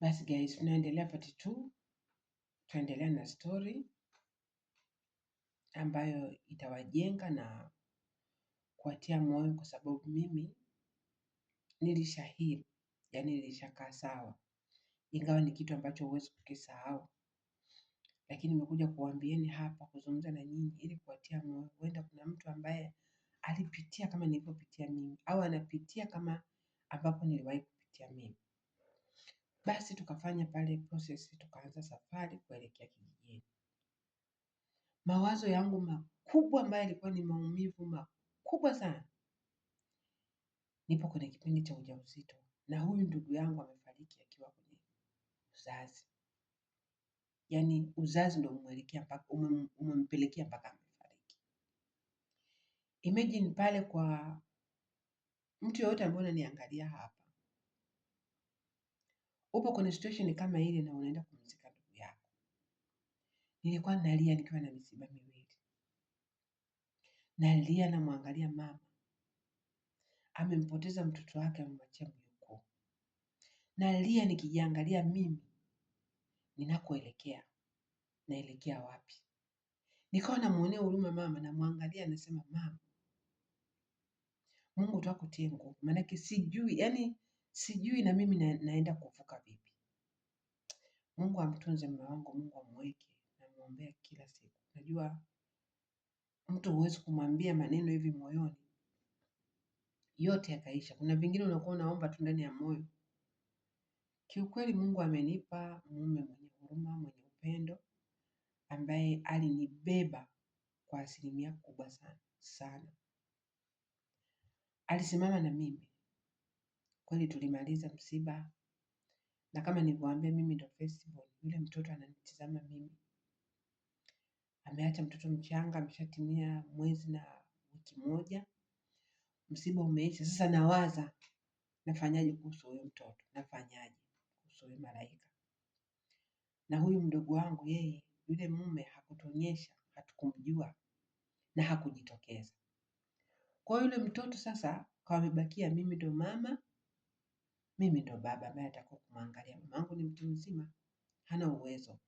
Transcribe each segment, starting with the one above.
Basi guys, tunaendelea part 2 tunaendelea na story ambayo itawajenga na kuwatia moyo, kwa sababu mimi nilishahili, yani nilishakaa sawa, ingawa ni kitu ambacho huwezi kukisahau, lakini nimekuja kuambieni hapa, kuzungumza na nyinyi ili kuwatia moyo. Huenda kuna mtu ambaye alipitia kama nilivyopitia mimi, au anapitia kama ambapo niliwahi kupitia mimi. Basi tukafanya pale prosesi, tukaanza safari kuelekea kijijini. Mawazo yangu makubwa ambayo yalikuwa ni maumivu makubwa sana, nipo kwenye kipindi cha ujauzito na huyu ndugu yangu amefariki akiwa kwenye uzazi, yaani uzazi ndo umemwelekea mpaka umempelekea mpaka amefariki. Imagine pale kwa mtu yoyote ambaye ananiangalia hapa upo kwenye situation kama ile na unaenda kumzika ndugu yako. Nilikuwa nalia nikiwa na misiba miwili, nalia namwangalia mama amempoteza mtoto wake, amemwachia mjukuu. Nalia nikijiangalia mimi ninakoelekea, naelekea wapi? Nikawa namwonea huruma mama, namwangalia, anasema mama, Mungu twakutie nguvu, maanake sijui yani sijui na mimi na, naenda kuvuka vipi. Mungu amtunze mume wangu, Mungu amweke, namwombea kila siku. Najua mtu huwezi kumwambia maneno hivi moyoni yote yakaisha. Kuna vingine unakuwa unaomba tu ndani ya moyo. Kiukweli, Mungu amenipa mume mwenye huruma, mwenye upendo, ambaye alinibeba kwa asilimia kubwa sana sana. Alisimama na mimi kweli tulimaliza msiba. Na kama nilivyowaambia, mimi ndo festival. yule mtoto ananitizama mimi, ameacha mtoto mchanga, ameshatimia mwezi na wiki moja, msiba umeisha. Sasa nawaza nafanyaje kuhusu huyo mtoto, nafanyaje kuhusu huyo malaika. Na huyu mdogo wangu yeye, yule mume hakutuonyesha, hatukumjua na hakujitokeza. Kwa yule mtoto sasa, kawamebakia mimi ndo mama mimi ndo baba ambaye natakiwa kumwangalia. Mamangu ni mtu mzima, hana uwezo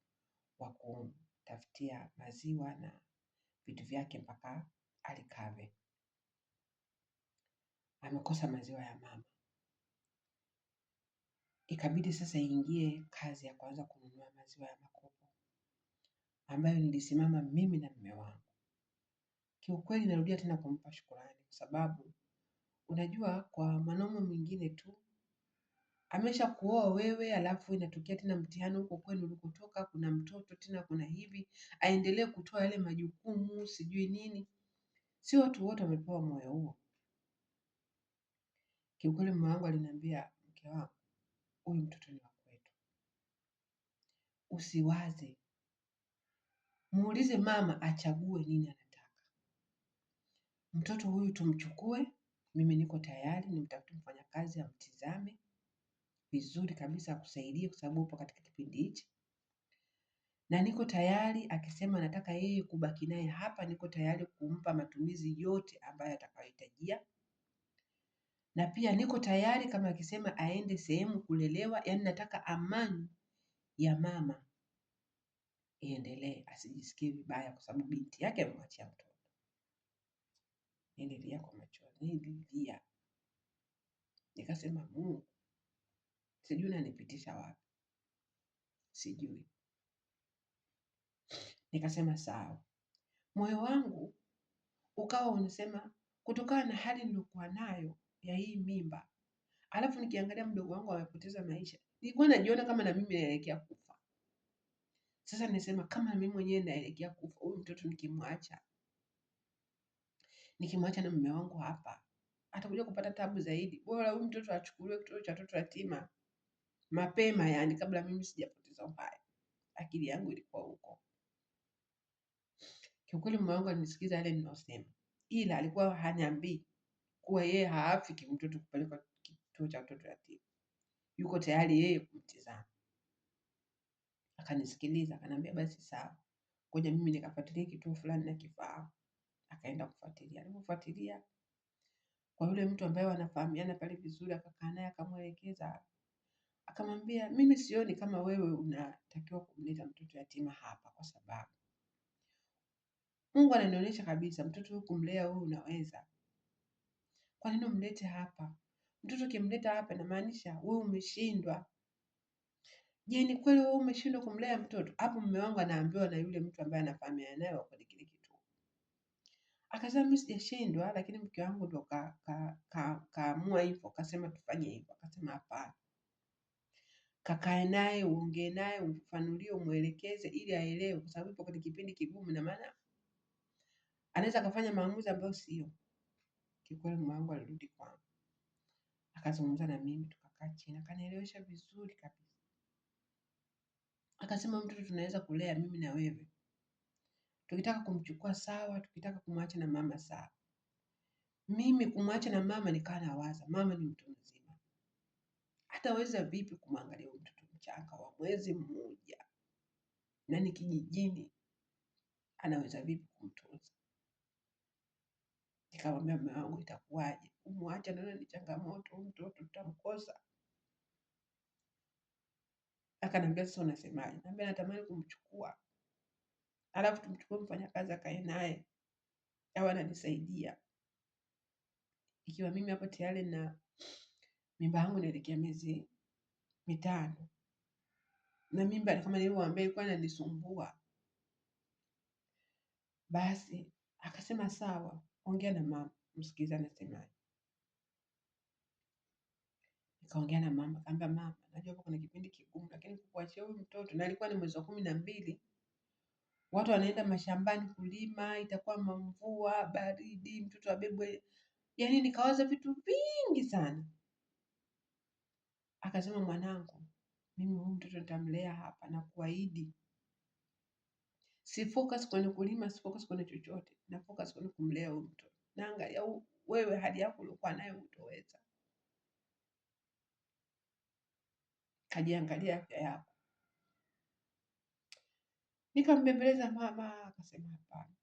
wa kumtafutia maziwa na vitu vyake mpaka alikave. Amekosa maziwa ya mama, ikabidi sasa ingie kazi ya kuanza kununua maziwa ya makopo ambayo nilisimama mimi na mume wangu. Kiukweli narudia tena kumpa shukurani, kwa sababu unajua, kwa mwanaume mwingine tu amesha kuoa wewe, alafu inatokea tena mtihani huko kwenu ulikotoka, kuna mtoto tena, kuna hivi, aendelee kutoa yale majukumu sijui nini. Si watu wote wamepewa moyo huo. Kiukweli mume wangu aliniambia, mke wangu, huyu mtoto ni wa kwetu, usiwaze, muulize mama achague nini anataka. Mtoto huyu tumchukue, mimi niko tayari, nimtafute mfanyakazi amtizame, vizuri kabisa akusaidie kwa sababu upo katika kipindi hichi. Na niko tayari akisema nataka yeye kubaki naye hapa, niko tayari kumpa matumizi yote ambayo atakayohitajia. Na pia niko tayari kama akisema aende sehemu kulelewa, yaani nataka amani ya mama iendelee, asijisikie vibaya kwa sababu binti yake amemwachia mtoto. Nililia kwa machozi, nililia nikasema, Mungu Sijui nanipitisha wapi, sijui. Nikasema sawa. Moyo wangu ukawa unasema kutokana na hali niliyokuwa nayo ya hii mimba, alafu nikiangalia mdogo wangu amepoteza maisha, nilikuwa najiona kama na mimi naelekea kufa. Sasa nisema kama mimi mwenyewe naelekea kufa, huyu mtoto nikimwacha, nikimwacha na mume wangu hapa atakuja kupata tabu zaidi. Bora huyu mtoto achukuliwe kitoto cha watoto yatima mapema, yani kabla mimi sijapoteza uhai. Akili yangu ilikuwa huko. Kiukweli mume wangu alinisikiza yale ninayosema, ila alikuwa haniambii kuwa yeye haafiki mtoto kupelekwa kituo cha watoto yatima, yuko tayari yeye kumtizama. Akanisikiliza, akaniambia basi sawa, ngoja mimi nikafuatilia kituo fulani na kifahamu. Akaenda kufuatilia, alipofuatilia kwa yule mtu ambaye wanafahamiana pale vizuri, akakaa naye akamwelekeza Akamwambia, mimi sioni kama wewe unatakiwa kumleta mtoto yatima hapa, kwa sababu Mungu ananionyesha kabisa mtoto huyu kumlea wewe unaweza. Kwa nini umlete hapa? Mtoto ukimleta hapa inamaanisha wewe umeshindwa. Je, ni kweli wewe umeshindwa kumlea mtoto? Hapo mume wangu anaambiwa na yule mtu ambaye anafahamiana naye wa kwenye kile kitu. Akasema mimi sijashindwa, lakini mke wangu ndo kaamua ka, ka, ka hivyo, akasema tufanye hivyo. Akasema hapana, kakae naye, uongee naye, umfanulie umwelekeze ili aelewe, kwa sababu yupo kwenye kipindi kigumu, na maana anaweza akafanya maamuzi ambayo sio. Kikweli mume wangu alirudi kwangu akazungumza na mimi, tukakaa chini, akanielewesha vizuri kabisa, akasema mtoto tunaweza kulea mimi na wewe, tukitaka kumchukua sawa, tukitaka kumwacha na mama sawa. Mimi kumwacha na mama nikawa nawaza mama ni mtu mzima Ataweza vipi kumwangalia mtoto mchanga wa mwezi mmoja na ni kijijini, anaweza vipi kumtunza? Nikamwambia mume wangu, itakuwaje? Umwacha? Naona ni changamoto, mtoto tutamkosa. akanambia sasa, unasemaje? Naambia natamani kumchukua, alafu tumchukue mfanyakazi akae naye, awe ananisaidia, ikiwa mimi hapo tayari na mimba yangu inaelekea miezi mitano. Na mimba kama nilivyowaambia ilikuwa inanisumbua. Basi akasema sawa, ongea na mama, msikiza anasemaje. Nikaongea na mama, kaambia mama, najua kuna kipindi kigumu, lakini kukuachia huyu mtoto, na alikuwa ni mwezi wa kumi na mbili, watu wanaenda mashambani kulima, itakuwa mamvua, baridi, mtoto abebwe. Yaani nikawaza vitu vingi sana. Akasema, mwanangu, mimi huyu mtoto nitamlea hapa na kuahidi si focus kwenye kulima, si focus kwenye chochote, na focus kwenye kumlea huyu mtoto. Na angalia wewe hali yako uliokuwa nayo utoweza. Kajiangalia afya yako. Nikambembeleza mama, akasema hapana,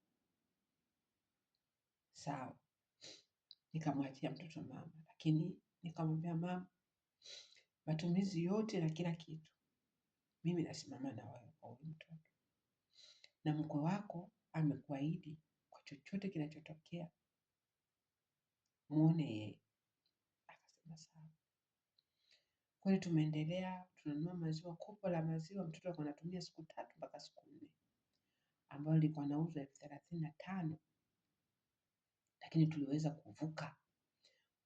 sawa. Nikamwachia mtoto mama, lakini nikamwambia mama, matumizi yote na kila kitu, mimi nasimama na wewe kwa huyu mtoto, na mkwe wako amekuahidi kwa chochote kinachotokea, muone yeye. Akasema sawa. Kweli tumeendelea, tunanunua maziwa, kopo la maziwa mtoto alikuwa anatumia siku tatu mpaka siku nne, ambayo ilikuwa nauzwa elfu thelathini na tano lakini tuliweza kuvuka.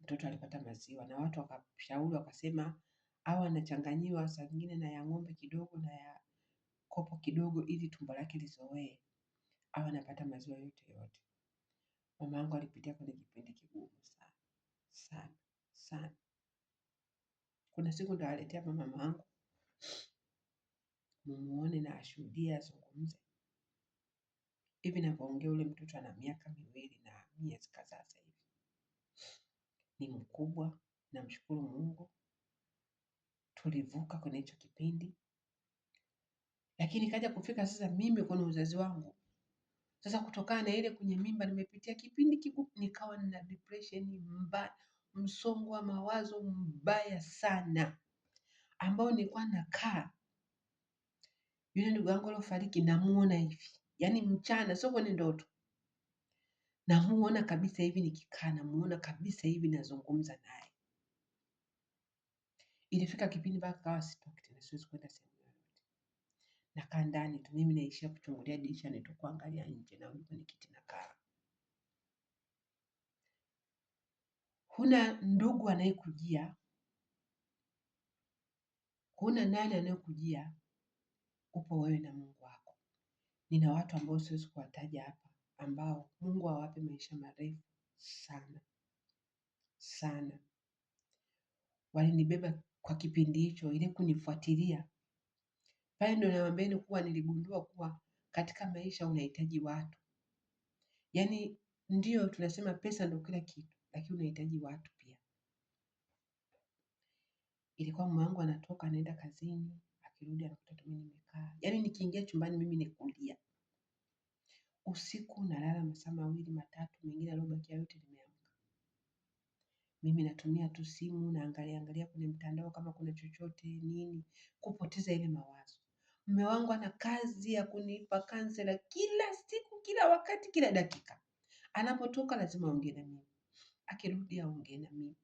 Mtoto alipata maziwa na watu wakashauri, wakasema au anachanganyiwa saa zingine na ya ng'ombe kidogo na ya kopo kidogo ili tumbo lake lizoee au anapata maziwa yote yote. Mama yangu alipitia kwenye kipindi kigumu sana sana sana. Kuna siku ndo aliletea mama yangu mumuone na ashuhudie, azungumze. Hivi navyoongea ule mtoto ana miaka miwili na miezi kadhaa sasa hivi, ni mkubwa. Namshukuru Mungu tulivuka kwenye hicho kipindi, lakini kaja kufika sasa mimi kwenye uzazi wangu. Sasa kutokana na ile kwenye mimba nimepitia kipindi kigumu, nikawa nina depression mbaya, msongo wa mawazo mbaya sana, ambao nilikuwa nakaa yule ndugu yangu aliofariki namuona hivi, yaani mchana, sio kwenye ndoto, namuona kabisa hivi, nikikaa namuona kabisa hivi, nazungumza naye Ilifika kipindi mpaka kawa sitoki tena, siwezi kwenda sehemu yoyote. Nakaa ndani tu, mimi naishia kuchungulia dirishani tu kuangalia nje na kwenye kiti nakaa. Huna ndugu anayekujia, huna nani anayekujia, upo wewe na Mungu wako. Nina watu ambao siwezi kuwataja hapa, ambao Mungu awape maisha marefu sana sana, walinibeba kwa kipindi hicho ile kunifuatilia. Pale ndo nawambeni kuwa niligundua kuwa katika maisha unahitaji watu. Yaani ndiyo tunasema pesa ndo kila kitu, lakini unahitaji watu pia. Ilikuwa mume wangu anatoka anaenda kazini, akirudi anakuta tu mimi nimekaa. Yaani nikiingia chumbani mimi ni Usiku nalala masaa mawili matatu, mengine aliobakia yote mimi natumia tu simu naangalia angalia kwenye mtandao kama kuna chochote nini, kupoteza ile mawazo. Mume wangu ana kazi ya kunipa kansela kila siku, kila wakati, kila dakika. Anapotoka lazima aongee na mimi, akirudi aongee na mimi,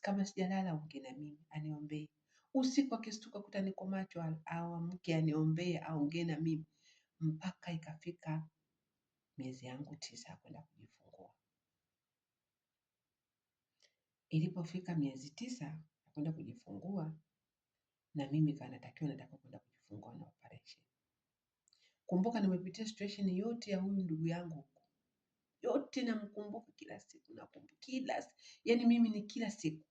kama sijalala aongee na mimi, aniombee usiku akistuka kuta niko macho awamke aniombee aongee na mimi mpaka ikafika miezi yangu tisa kwenda Ilipofika miezi tisa ya kwenda kujifungua na mimi ikawa natakiwa nataka kwenda kujifungua na operation. Kumbuka nimepitia situation yote ya huyu ndugu yangu Yote namkumbuka kila siku nakumbuka kila yani mimi ni kila siku.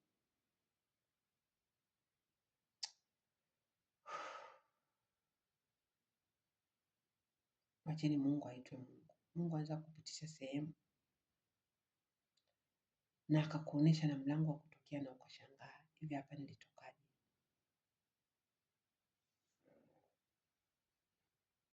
Wacheni Mungu aitwe Mungu. Mungu anaweza kupitisha sehemu na akakuonyesha na mlango wa kutokea na ukashangaa hivi hapa nilitoka.